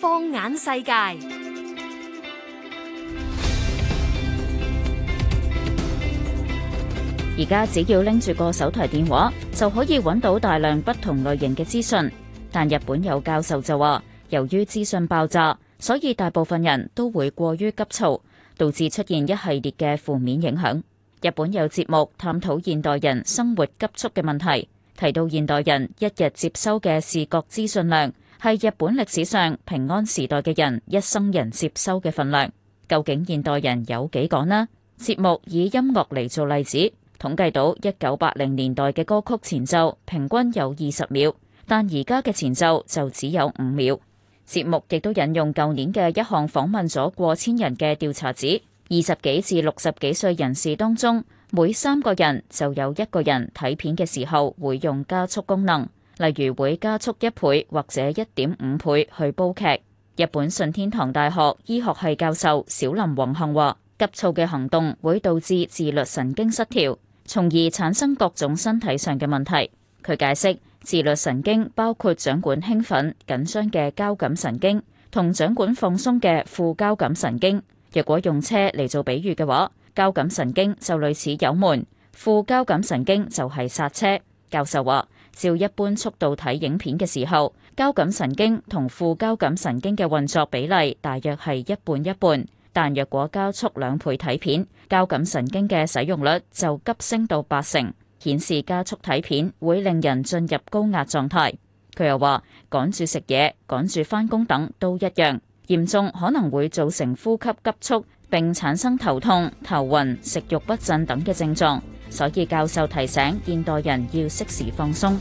放眼世界，而家只要拎住個手提電話，就可以揾到大量不同類型嘅資訊。但日本有教授就話，由於資訊爆炸，所以大部分人都會過於急躁，導致出現一系列嘅負面影響。日本有節目探討現代人生活急促嘅問題。提到現代人一日接收嘅視覺資訊量係日本歷史上平安時代嘅人一生人接收嘅份量，究竟現代人有幾個呢？節目以音樂嚟做例子，統計到一九八零年代嘅歌曲前奏平均有二十秒，但而家嘅前奏就只有五秒。節目亦都引用舊年嘅一項訪問咗過千人嘅調查指，二十幾至六十幾歲人士當中，每三個人就有一個人睇片嘅時候會用加速功能，例如會加速一倍或者一點五倍去煲劇。日本順天堂大學醫學系教授小林弘幸話：急躁嘅行動會導致自律神經失調，從而產生各種身體上嘅問題。佢解釋自律神經包括掌管興奮緊張嘅交感神經，同掌管放鬆嘅副交感神經。若果用車嚟做比喻嘅話，交感神經就類似油門，副交感神經就係剎車。教授話，照一般速度睇影片嘅時候，交感神經同副交感神經嘅運作比例大約係一半一半。但若果加速兩倍睇片，交感神經嘅使用率就急升到八成，顯示加速睇片會令人進入高壓狀態。佢又話，趕住食嘢、趕住返工等都一樣，嚴重可能會造成呼吸急促。並產生頭痛、頭暈、食欲不振等嘅症狀，所以教授提醒現代人要適時放鬆。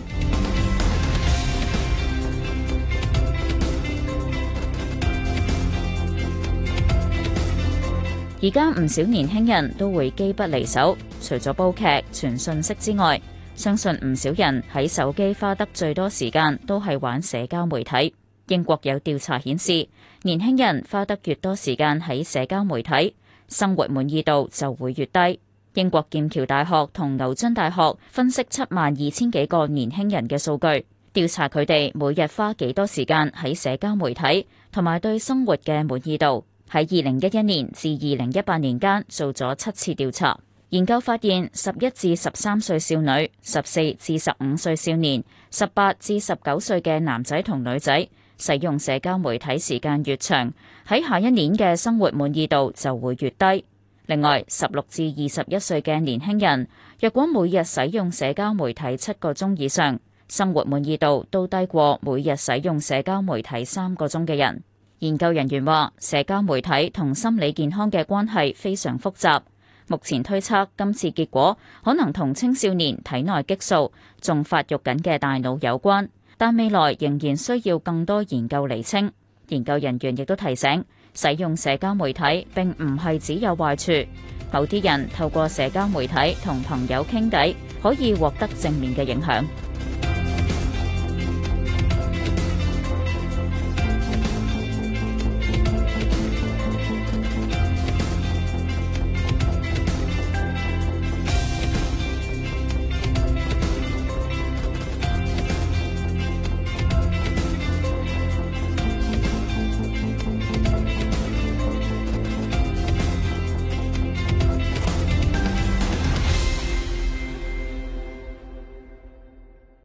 而家唔少年輕人都會機不離手，除咗煲劇、傳信息之外，相信唔少人喺手機花得最多時間都係玩社交媒體。英國有調查顯示，年輕人花得越多時間喺社交媒體，生活滿意度就會越低。英國劍橋大學同牛津大學分析七萬二千幾個年輕人嘅數據，調查佢哋每日花幾多時間喺社交媒體，同埋對生活嘅滿意度。喺二零一一年至二零一八年間做咗七次調查，研究發現，十一至十三歲少女、十四至十五歲少年、十八至十九歲嘅男仔同女仔。使用社交媒體時間越長，喺下一年嘅生活滿意度就會越低。另外，十六至二十一歲嘅年輕人，若果每日使用社交媒體七個鐘以上，生活滿意度都低過每日使用社交媒體三個鐘嘅人。研究人員話，社交媒體同心理健康嘅關係非常複雜。目前推測今次結果可能同青少年體內激素仲發育緊嘅大腦有關。但未來仍然需要更多研究釐清。研究人員亦都提醒，使用社交媒體並唔係只有壞處。某啲人透過社交媒體同朋友傾偈，可以獲得正面嘅影響。